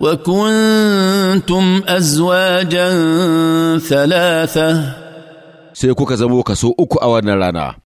وكنتم أزواجا ثلاثة sai kuka zamo kaso uku a wannan rana.